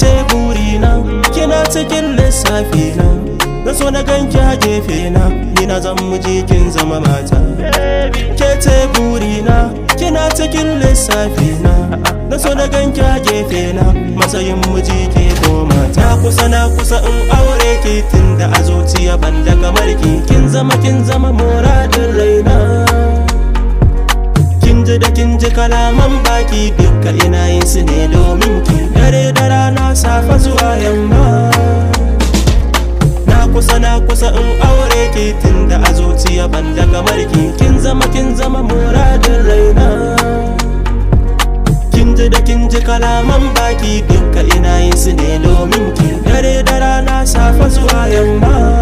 Teburina kina cikin lissafi na na so na a gefe na ni zan miji kin zama mata ke kina cikin lissafi na na so na a gefe na matsayin miji ke ko mata kusa na kusa in aure ki tunda a zuciya ban da kamar ki kin zama kin zama muradin raina kin ji da kin ji kalaman baki duka ina yin su ne domin ki dare da rana safa zuwa yamma na kusa na kusa in aure ki tun da a zuciya ban da kamar kin zama kin zama muradin raina kin ji da kin ji kalaman baki duka ina yin su ne domin ki dare da rana safa zuwa yamma